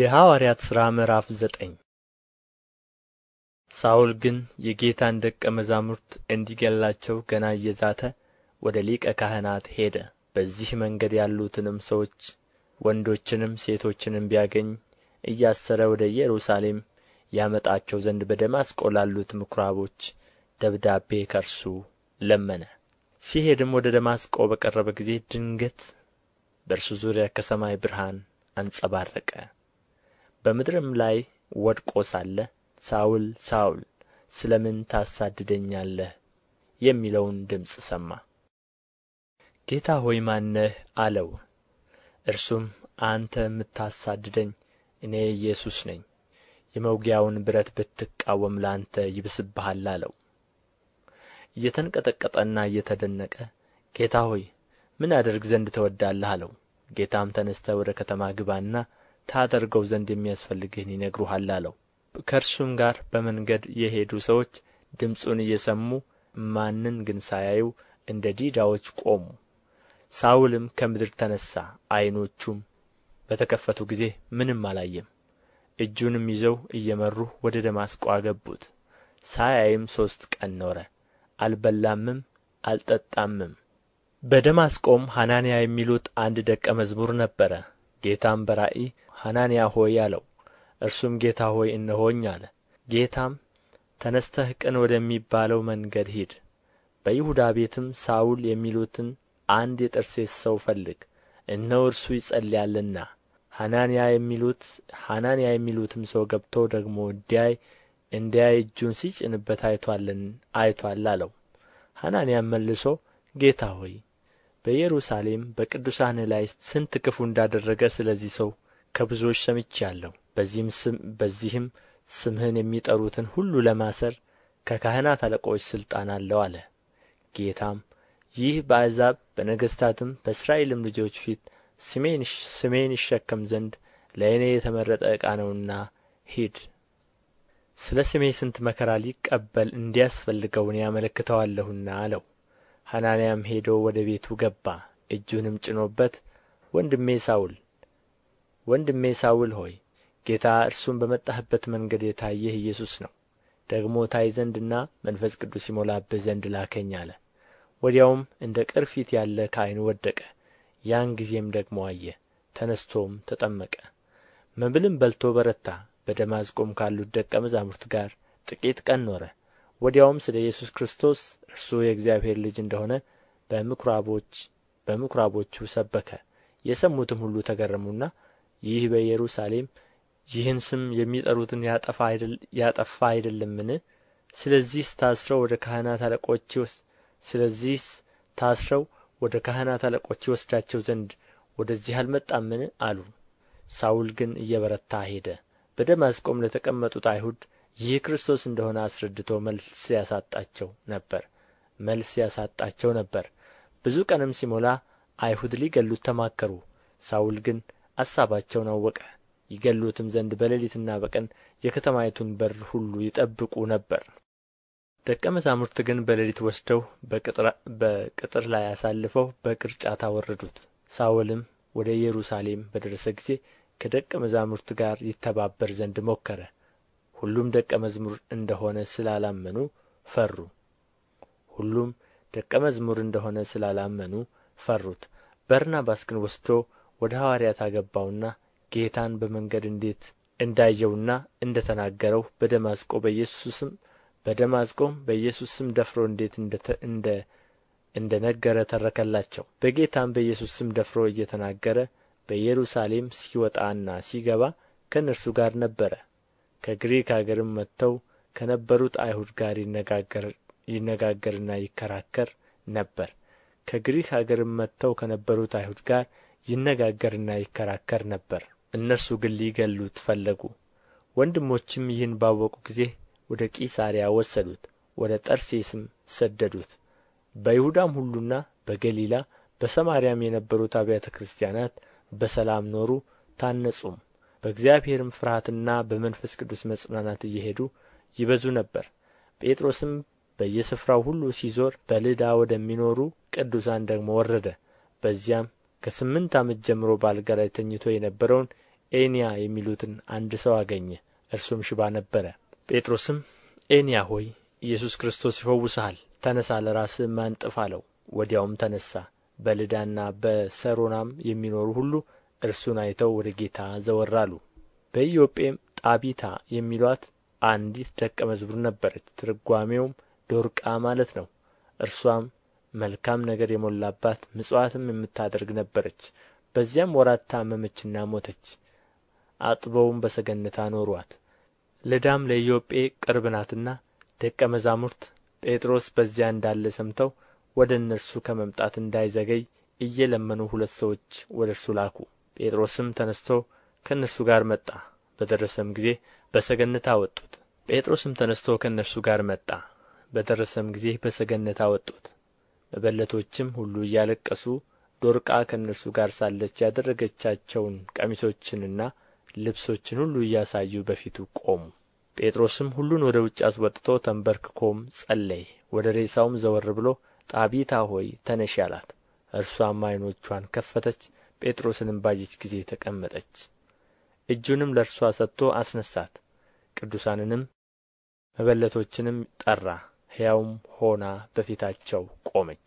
የሐዋርያት ሥራ ምዕራፍ ዘጠኝ ሳውል ግን የጌታን ደቀ መዛሙርት እንዲገላቸው ገና እየዛተ ወደ ሊቀ ካህናት ሄደ። በዚህ መንገድ ያሉትንም ሰዎች ወንዶችንም ሴቶችንም ቢያገኝ እያሰረ ወደ ኢየሩሳሌም ያመጣቸው ዘንድ በደማስቆ ላሉት ምኵራቦች ደብዳቤ ከርሱ ለመነ። ሲሄድም ወደ ደማስቆ በቀረበ ጊዜ ድንገት በእርሱ ዙሪያ ከሰማይ ብርሃን አንጸባረቀ። በምድርም ላይ ወድቆ ሳለ ሳውል ሳውል ስለ ምን ታሳድደኛለህ የሚለውን ድምፅ ሰማ ጌታ ሆይ ማነህ አለው እርሱም አንተ የምታሳድደኝ እኔ ኢየሱስ ነኝ የመውጊያውን ብረት ብትቃወም ለአንተ ይብስብሃል አለው እየተንቀጠቀጠና እየተደነቀ ጌታ ሆይ ምን አደርግ ዘንድ ተወዳለህ አለው ጌታም ተነስተ ወደ ከተማ ግባና ታደርገው ዘንድ የሚያስፈልግህን ይነግሩሃል አለው። ከእርሱም ጋር በመንገድ የሄዱ ሰዎች ድምፁን እየሰሙ ማንን ግን ሳያዩ እንደ ዲዳዎች ቆሙ። ሳውልም ከምድር ተነሣ፣ ዐይኖቹም በተከፈቱ ጊዜ ምንም አላየም። እጁንም ይዘው እየመሩ ወደ ደማስቆ አገቡት። ሳያይም ሦስት ቀን ኖረ፣ አልበላምም አልጠጣምም። በደማስቆም ሐናንያ የሚሉት አንድ ደቀ መዝሙር ነበረ። ጌታም በራእይ ሐናንያ ሆይ አለው እርሱም ጌታ ሆይ እነሆኝ አለ ጌታም ተነስተህ ቅን ወደሚባለው መንገድ ሂድ በይሁዳ ቤትም ሳውል የሚሉትን አንድ የጠርሴስ ሰው ፈልግ እነሆ እርሱ ይጸልያልና ሐናንያ የሚሉት ሐናንያ የሚሉትም ሰው ገብቶ ደግሞ እንዲያይ እንዲያይ እጁን ሲጭንበት አይቶአልን አይቶአል አለው ሐናንያም መልሶ ጌታ ሆይ በኢየሩሳሌም በቅዱሳንህ ላይ ስንት ክፉ እንዳደረገ ስለዚህ ሰው ከብዙዎች ሰምቼአለሁ በዚህም ስምህን የሚጠሩትን ሁሉ ለማሰር ከካህናት አለቆች ሥልጣን አለው አለ ጌታም ይህ በአሕዛብ በነገሥታትም በእስራኤልም ልጆች ፊት ስሜን ይሸከም ዘንድ ለእኔ የተመረጠ ዕቃ ነውና ሂድ ስለ ስሜ ስንት መከራ ሊቀበል እንዲያስፈልገው እኔ አመለክተዋለሁና አለው ሐናንያም ሄዶ ወደ ቤቱ ገባ እጁንም ጭኖበት ወንድሜ ሳውል ወንድሜ ሳውል ሆይ ጌታ እርሱን በመጣህበት መንገድ የታየህ ኢየሱስ ነው ደግሞ ታይ ዘንድና መንፈስ ቅዱስ ይሞላብህ ዘንድ ላከኝ አለ ወዲያውም እንደ ቅርፊት ያለ ከዓይኑ ወደቀ ያን ጊዜም ደግሞ አየ ተነስቶም ተጠመቀ መብልም በልቶ በረታ በደማስቆም ካሉት ደቀ መዛሙርት ጋር ጥቂት ቀን ኖረ ወዲያውም ስለ ኢየሱስ ክርስቶስ እርሱ የእግዚአብሔር ልጅ እንደሆነ በምኵራቦች በምኵራቦቹ ሰበከ የሰሙትም ሁሉ ተገረሙና ይህ በኢየሩሳሌም ይህን ስም የሚጠሩትን ያጠፋ አይደለምን ስለዚህስ ታስረው ወደ ካህናት አለቆች ስለዚህስ ታስረው ወደ ካህናት አለቆች ይወስዳቸው ዘንድ ወደዚህ አልመጣምን አሉ ሳውል ግን እየበረታ ሄደ በደማስቆም ለተቀመጡት አይሁድ ይህ ክርስቶስ እንደሆነ አስረድቶ መልስ ያሳጣቸው ነበር መልስ ያሳጣቸው ነበር ብዙ ቀንም ሲሞላ አይሁድ ሊገሉት ተማከሩ ሳውል ግን አሳባቸውን አወቀ ይገሉትም ዘንድ በሌሊትና በቀን የከተማይቱን በር ሁሉ ይጠብቁ ነበር ደቀ መዛሙርት ግን በሌሊት ወስደው በቅጥር ላይ አሳልፈው በቅርጫት አወረዱት። ሳውልም ወደ ኢየሩሳሌም በደረሰ ጊዜ ከደቀ መዛሙርት ጋር ይተባበር ዘንድ ሞከረ። ሁሉም ደቀ መዝሙር እንደሆነ ስላላመኑ ፈሩ። ሁሉም ደቀ መዝሙር እንደሆነ ስላላመኑ ፈሩት። በርናባስ ግን ወስዶ ወደ ሐዋርያት አገባውና ጌታን በመንገድ እንዴት እንዳየውና እንደ ተናገረው በደማስቆ በኢየሱስም በደማስቆም በኢየሱስም ስም ደፍሮ እንዴት እንደ ነገረ ተረከላቸው በጌታም በኢየሱስም ስም ደፍሮ እየተናገረ በኢየሩሳሌም ሲወጣና ሲገባ ከእነርሱ ጋር ነበረ ከግሪክ አገርም መጥተው ከነበሩት አይሁድ ጋር ይነጋገርና ይከራከር ነበር ከግሪክ አገርም መጥተው ከነበሩት አይሁድ ጋር ይነጋገርና ይከራከር ነበር። እነርሱ ግን ሊገሉት ፈለጉ። ወንድሞችም ይህን ባወቁ ጊዜ ወደ ቂሳርያ ወሰዱት፣ ወደ ጠርሴስም ሰደዱት። በይሁዳም ሁሉና በገሊላ በሰማርያም የነበሩት አብያተ ክርስቲያናት በሰላም ኖሩ፣ ታነጹም። በእግዚአብሔርም ፍርሃትና በመንፈስ ቅዱስ መጽናናት እየሄዱ ይበዙ ነበር። ጴጥሮስም በየስፍራው ሁሉ ሲዞር በልዳ ወደሚኖሩ ቅዱሳን ደግሞ ወረደ። በዚያም ከስምንት ዓመት ጀምሮ በአልጋ ላይ ተኝቶ የነበረውን ኤንያ የሚሉትን አንድ ሰው አገኘ፣ እርሱም ሽባ ነበረ። ጴጥሮስም ኤንያ ሆይ ኢየሱስ ክርስቶስ ይፈውስሃል፣ ተነሣ፣ ለራስህ ማንጥፍ አለው። ወዲያውም ተነሣ። በልዳና በሰሮናም የሚኖሩ ሁሉ እርሱን አይተው ወደ ጌታ ዘወር አሉ። በኢዮጴም ጣቢታ የሚሏት አንዲት ደቀ መዝሙር ነበረች፣ ትርጓሜውም ዶርቃ ማለት ነው። እርሷም መልካም ነገር የሞላባት ምጽዋትም የምታደርግ ነበረች። በዚያም ወራት ታመመችና ሞተች። አጥበውም በሰገነት አኖሯት። ልዳም ለኢዮጴ ቅርብ ናትና ደቀ መዛሙርት ጴጥሮስ በዚያ እንዳለ ሰምተው ወደ እነርሱ ከመምጣት እንዳይዘገይ እየለመኑ ሁለት ሰዎች ወደ እርሱ ላኩ። ጴጥሮስም ተነስቶ ከእነርሱ ጋር መጣ። በደረሰም ጊዜ በሰገነት አወጡት። ጴጥሮስም ተነስቶ ከእነርሱ ጋር መጣ። በደረሰም ጊዜ በሰገነት አወጡት። መበለቶችም ሁሉ እያለቀሱ ዶርቃ ከእነርሱ ጋር ሳለች ያደረገቻቸውን ቀሚሶችንና ልብሶችን ሁሉ እያሳዩ በፊቱ ቆሙ። ጴጥሮስም ሁሉን ወደ ውጭ አስወጥቶ ተንበርክኮም ጸለየ። ወደ ሬሳውም ዘወር ብሎ ጣቢታ ሆይ ተነሺ አላት። እርሷም አይኖቿን ከፈተች፣ ጴጥሮስንም ባየች ጊዜ ተቀመጠች። እጁንም ለእርሷ ሰጥቶ አስነሳት። ቅዱሳንንም መበለቶችንም ጠራ። ሕያውም ሆና በፊታቸው ቆመች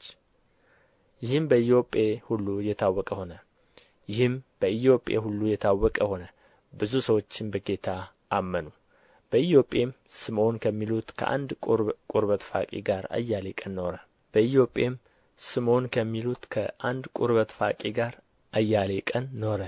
ይህም በኢዮጴ ሁሉ የታወቀ ሆነ ይህም በኢዮጴ ሁሉ የታወቀ ሆነ ብዙ ሰዎችም በጌታ አመኑ በኢዮጴም ስምዖን ከሚሉት ከአንድ ቁርበት ፋቂ ጋር አያሌ ቀን ኖረ በኢዮጴም ስምዖን ከሚሉት ከአንድ ቁርበት ፋቂ ጋር አያሌ ቀን ኖረ